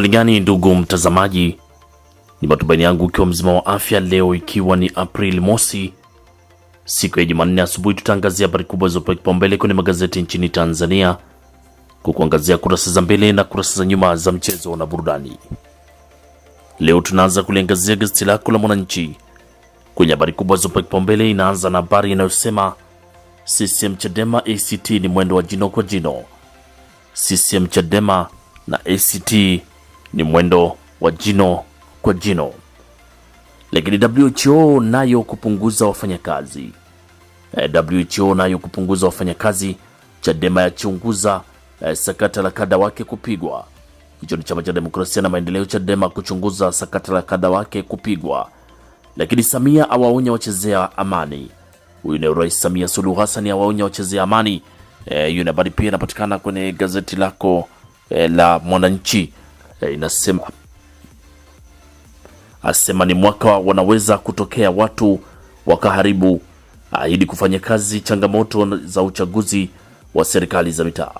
gani ndugu mtazamaji, ni matumaini yangu ukiwa mzima wa afya leo, ikiwa ni Aprili mosi, siku ya Jumanne asubuhi, tutaangazia habari kubwa zilizopewa kipaumbele kwenye magazeti nchini Tanzania, kukuangazia kurasa za mbele na kurasa za nyuma za mchezo na burudani. Leo tunaanza kuliangazia gazeti lako la Mwananchi kwenye habari kubwa zilizopewa kipaumbele. Inaanza na habari inayosema CCM Chadema ACT ni mwendo wa jino kwa jino. CCM Chadema na ACT ni mwendo wa jino kwa jino, lakini WHO nayo kupunguza wafanyakazi e, WHO nayo kupunguza wafanyakazi. Chadema yachunguza e, sakata la kada wake kupigwa. Hicho ni chama cha demokrasia na maendeleo, Chadema kuchunguza sakata la kada wake kupigwa. Lakini Samia awaonya wachezea amani. Huyu ni Rais Samia Suluhu Hassan awaonya wachezea amani. Eh, hiyo e, habari pia inapatikana kwenye gazeti lako e, la Mwananchi Eh, inasema asema ni mwaka wanaweza kutokea watu wakaharibu, ahidi kufanya kazi changamoto za uchaguzi wa serikali za mitaa,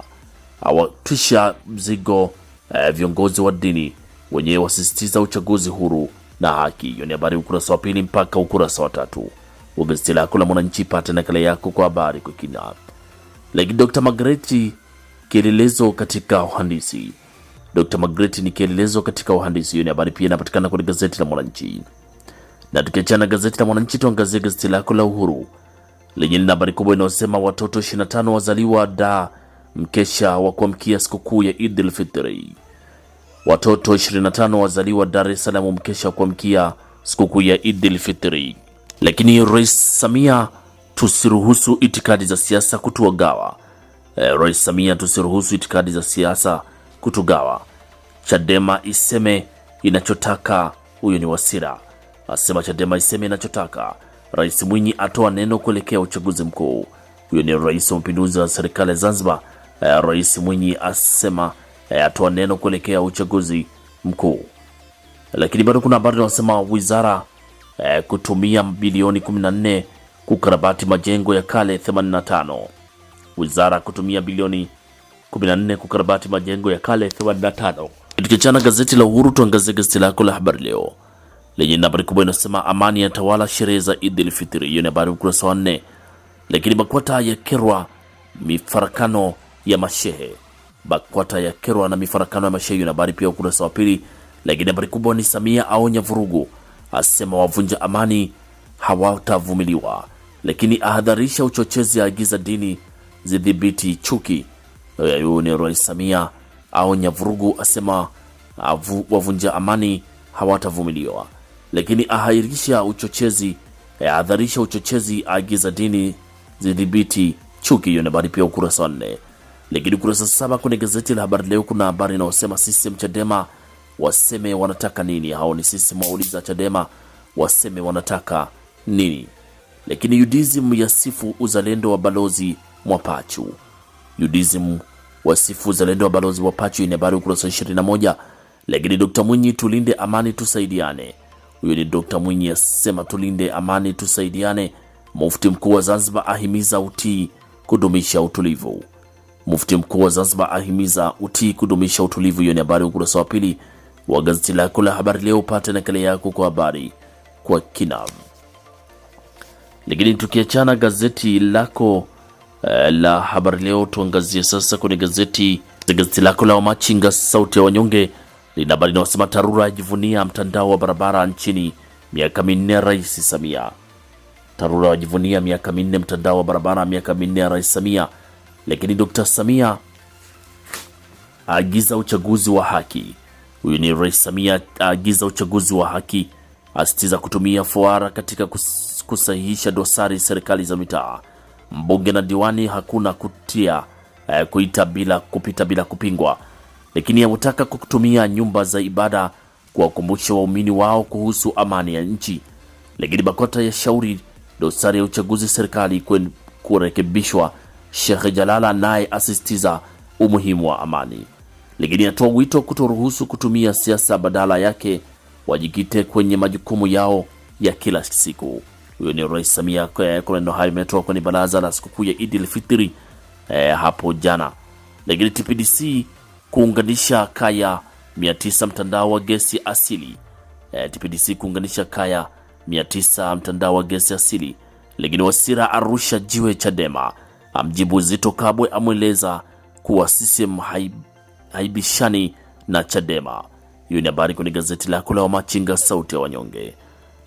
awatwisha mzigo eh, viongozi wa dini wenyewe wasisitiza uchaguzi huru na haki. Hiyo ni habari ukurasa wa pili mpaka ukurasa wa tatu wa gazeti lako la Mwananchi. Pata nakala yako kwa habari kwa kina. Lakini Dr. Magreti kielelezo katika uhandisi Dr. Magreti ni kielelezo katika uhandisi. Hiyo ni habari pia inapatikana kwenye gazeti la Mwananchi. Na tukiachana gazeti la Mwananchi, tuangazie gazeti lako la Uhuru lenye lina habari kubwa inayosema watoto 25 wazaliwa da mkesha wa kuamkia sikukuu ya Idil Fitri. Watoto 25 wazaliwa Dar es Salaam mkesha wa kuamkia sikukuu ya Idil Fitri. Lakini Rais Samia, tusiruhusu itikadi za siasa kutuagawa. Eh, Rais Samia, tusiruhusu itikadi za siasa kutugawa. Chadema iseme inachotaka, huyo ni Wasira asema Chadema iseme inachotaka. Rais Mwinyi atoa neno kuelekea uchaguzi mkuu, huyo ni rais wa mapinduzi wa serikali ya Zanzibar. Eh, rais Mwinyi asema eh, atoa neno kuelekea uchaguzi mkuu. Lakini bado kuna habari inasema wizara eh, kutumia bilioni 14 kukarabati majengo ya kale 85. Wizara kutumia bilioni 14 kukarabati majengo ya kale 85. Tukichana gazeti la Uhuru, tuangazie gazeti lako la Habari Leo lenye habari kubwa inasema amani ya tawala sherehe za Eid al-Fitr. Hiyo ni habari ukurasa wa nne. Lakini BAKWATA ya kerwa mifarakano ya mashehe, BAKWATA ya kerwa na mifarakano ya mashehe. Hiyo ni habari pia ukurasa wa pili. Lakini habari kubwa ni Samia aonya vurugu, asema wavunja amani hawatavumiliwa. Lakini ahadharisha uchochezi, aagiza dini zidhibiti chuki huyu ni Rais Samia aonya vurugu, asema avu, wavunja amani hawatavumiliwa, lakini ahairisha uchochezi, ahadharisha uchochezi, aagiza dini zidhibiti chuki. Hiyo ni habari pia ukurasa wa nne. Lakini ukurasa saba kwenye gazeti la Habari Leo kuna habari inayosema CCM Chadema waseme wanataka nini. Hao ni sisi mwauliza Chadema waseme wanataka nini. Lakini UDSM yasifu uzalendo wa balozi Mwapachu. Judaism wasifu zalendo wa balozi wa Pachi yenye habari ukurasa 21. Lakini Dr. Mwinyi, tulinde amani tusaidiane. Huyo ni Dr. Mwinyi asema tulinde amani tusaidiane. Mufti mkuu wa Zanzibar ahimiza utii kudumisha utulivu. Mufti mkuu wa Zanzibar ahimiza utii kudumisha utulivu. Hiyo ni habari ukurasa wa pili wa gazeti lako la Habari Leo. upate nakala yako kwa habari kwa kina. Lakini tukiachana gazeti lako Eh, la habari leo. Tuangazie sasa kwenye gazeti gazeti lako la Wamachinga sauti ya wanyonge lina habari inayosema TARURA ajivunia mtandao wa barabara nchini miaka minne Rais Samia. TARURA ajivunia miaka minne mtandao wa barabara, miaka minne ya Rais Samia. Lakini Dkt Samia aagiza uchaguzi wa haki. Huyu ni Rais Samia aagiza uchaguzi wa haki, asitiza kutumia fuara katika kus, kusahihisha dosari serikali za mitaa mbunge na diwani hakuna kutia eh, kuita bila kupita bila kupingwa, lakini hawataka kutumia nyumba za ibada kuwakumbusha waumini wao kuhusu amani ya nchi. Lakini Bakota ya shauri dosari ya uchaguzi serikali kurekebishwa. Sheikh Jalala naye asisitiza umuhimu wa amani, lakini atoa wito kutoruhusu kutumia siasa, badala yake wajikite kwenye majukumu yao ya kila siku. Huyo ni Rais Samia. Maneno eh, hayo imetoka kwenye baraza la sikukuu ya Idi al-Fitri eh, hapo jana. Lakini TPDC kuunganisha kaya 900 mtandao wa gesi asili eh, TPDC kuunganisha kaya 900 mtandao wa gesi asili. Lakini Wasira arusha jiwe Chadema, amjibu Zito Kabwe, amweleza kuwa CCM haibishani na Chadema. Hiyo ni habari kwenye gazeti lako la Wamachinga, sauti ya wanyonge.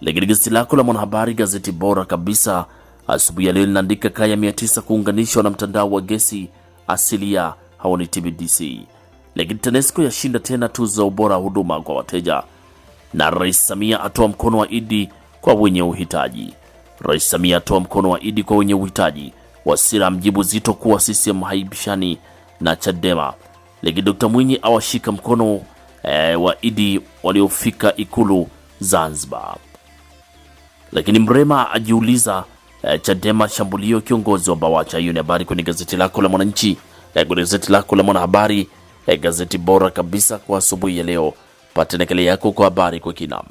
Lakini gazeti lako la Mwanahabari, gazeti bora kabisa asubuhi ya leo linaandika kaya 900 kuunganishwa na mtandao wa gesi asilia, hao ni TBDC. Lakini TANESCO yashinda tena tuzo za ubora huduma kwa wateja, na Rais Samia atoa mkono wa idi kwa wenye uhitaji. Rais Samia atoa mkono wa idi kwa wenye uhitaji. Wasira mjibu Zito kuwa CCM haibishani na Chadema. Lakini Dr Mwinyi awashika mkono e, wa idi waliofika Ikulu Zanzibar. Lakini Mrema ajiuliza eh, Chadema shambulio kiongozi wa Bawacha. Hiyo ni habari kwenye gazeti lako la Mwananchi, eh, gazeti lako la Mwanahabari, eh, gazeti bora kabisa kwa asubuhi ya leo. Pata nakala yako kwa habari kwa kina.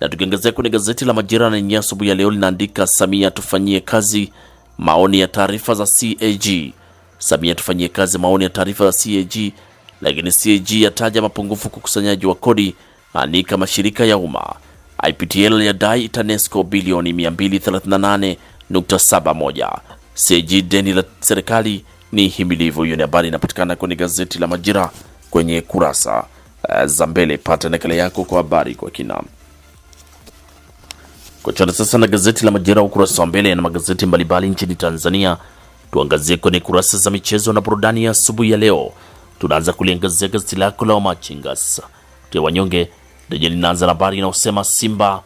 Na tukiangazia kwenye gazeti la Majira lenye asubuhi ya leo linaandika Samia tufanyie kazi maoni ya taarifa za CAG. Samia tufanyie kazi maoni ya taarifa za CAG, lakini CAG yataja mapungufu kukusanyaji wa kodi, anika mashirika ya umma IPTL yadai TANESCO bilioni 238.71. CAG deni la serikali ni himilivu. Hiyo ni habari inapatikana kwenye gazeti la Majira kwenye kurasa eh, za mbele. Pata nakala yako kwa habari kwa kina. Kuachana sasa na gazeti la Majira ukurasa wa mbele na magazeti mbalimbali nchini Tanzania, tuangazie kwenye kurasa za michezo na burudani ya asubuhi ya leo. Tunaanza kuliangazia gazeti lako la Wamachinga. Tia Wanyonge Dajali linaanza na habari inayosema Simba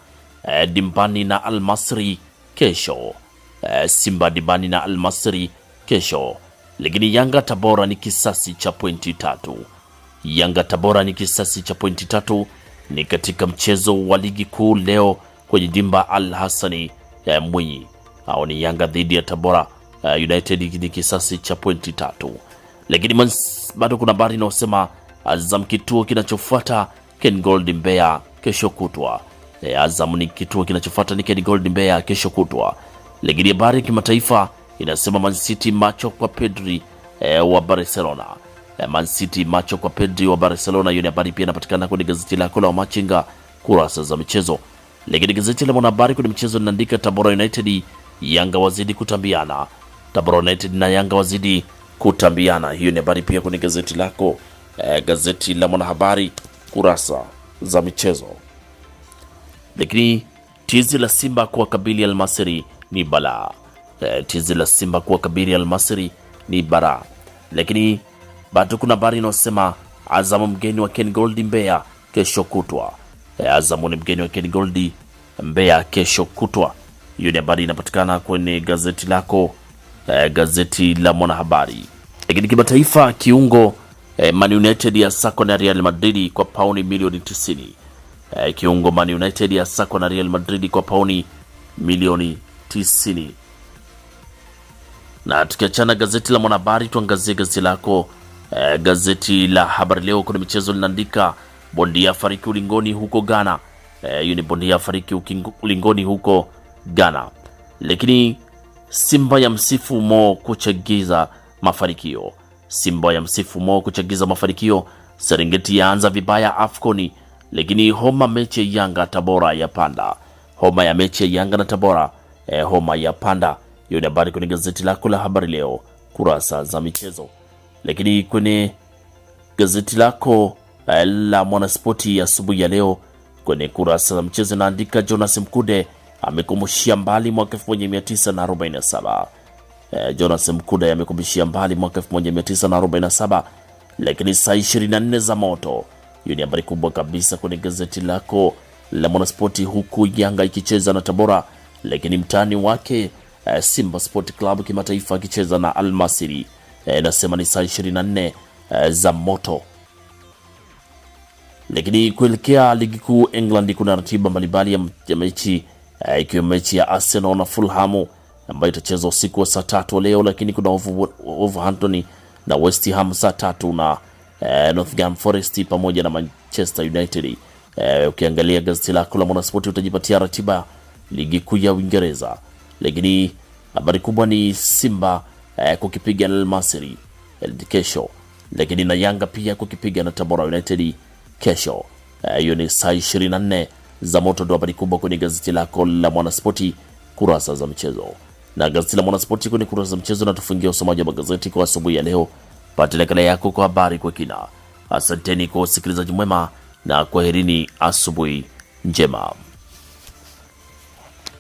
eh, dimbani na Almasri kesho eh, Simba dimbani na Almasri kesho. Lakini Yanga Tabora ni kisasi cha pointi tatu. Yanga Tabora ni kisasi cha pointi tatu ni katika mchezo wa ligi kuu leo kwenye dimba Al Hassani ya eh, Mwinyi au ni Yanga dhidi ya Tabora uh, United ni kisasi cha pointi tatu. Lakini bado kuna habari inayosema Azam kituo kinachofuata Ken Gold Mbeya kesho kutwa. E, Azam ni kituo kinachofuata ni Ken Gold Mbeya kesho kutwa. Ligi ya habari ya kimataifa inasema Man City macho kwa Pedri e, wa Barcelona. E, Man City macho kwa Pedri wa Barcelona. Hiyo ni habari pia inapatikana kwenye gazeti lako la Machinga kurasa za michezo. Lakini gazeti la Mwanahabari kwenye michezo linaandika Tabora United Yanga wazidi kutambiana. Tabora United na Yanga wazidi kutambiana. Hiyo ni habari pia kwenye gazeti lako e, gazeti la Mwanahabari kurasa za michezo. Lakini tizi la Simba kabili Almasiri ni balaa. E, tizi la Simba kabili Almasiri ni balaa. Lakini bado kuna habari inayosema Azamu mgeni wa Ken Gold Mbeya kesho kutwa. E, Azamu ni mgeni wa Ken Gold Mbeya kesho kutwa. Hiyo ni habari inapatikana kwenye gazeti lako, e, gazeti la Mwanahabari. Lakini kimataifa kiungo E, Man United ya sako na Real Madrid kwa pauni milioni 90. E, eh, kiungo Man United ya sako na Real Madrid kwa pauni milioni 90. Na tukiachana gazeti la Mwanahabari, tuangazie gazeti lako e, gazeti la Habari Leo kuna michezo linaandika bondia afariki ulingoni huko Ghana. Hiyo e, ni bondia afariki ulingoni huko Ghana, lakini Simba ya msifu Mo kuchagiza mafanikio Simba ya msifu Mo kuchagiza mafanikio. Serengeti yaanza vibaya Afconi, lakini homa mechi ya Yanga Tabora ya panda. Homa ya mechi ya Yanga na Tabora eh, homa ya panda. Hiyo ni habari kwenye gazeti lako la habari leo kurasa za michezo, lakini kwenye gazeti lako eh, la Mwanaspoti asubuhi ya, ya leo kwenye kurasa za michezo inaandika Jonas Mkude amekumbushia mbali mwaka 1947 eh, Jonas Mkuda yamekumbishia mbali mwaka 1947 lakini saa 24 za moto. Hiyo ni habari kubwa kabisa kwenye gazeti lako la Mwanaspoti, huku Yanga ikicheza na Tabora, lakini mtani wake eh, Simba Sport Club kimataifa akicheza na Almasiri. Eh, inasema nasema ni saa 24 eh, za moto lakini kuelekea ligi kuu England kuna ratiba mbalimbali ya mechi eh, ikiwemo mechi ya Arsenal na Fulhamu ambayo itachezwa usiku wa saa tatu leo, lakini kuna Wolverhampton na West Ham saa tatu na eh, Nottingham Forest pamoja na Manchester United. Eh, ukiangalia gazeti lako la Mwanaspoti utajipatia ratiba ligi kuu ya Uingereza, lakini habari kubwa ni Simba eh, kukipiga na Almasri Masry kesho, lakini na Yanga pia kukipiga na Tabora United kesho. Eh, hiyo eh, ni saa 24 za moto, ndo habari kubwa kwenye gazeti lako la Mwanaspoti kurasa za michezo na gazeti la Mwanaspoti kwenye kurasa za mchezo, na tufungia usomaji wa magazeti kwa asubuhi ya leo. Pata nakala yako kwa habari kwa kina. Asanteni kwa usikilizaji mwema na kwaherini, asubuhi njema.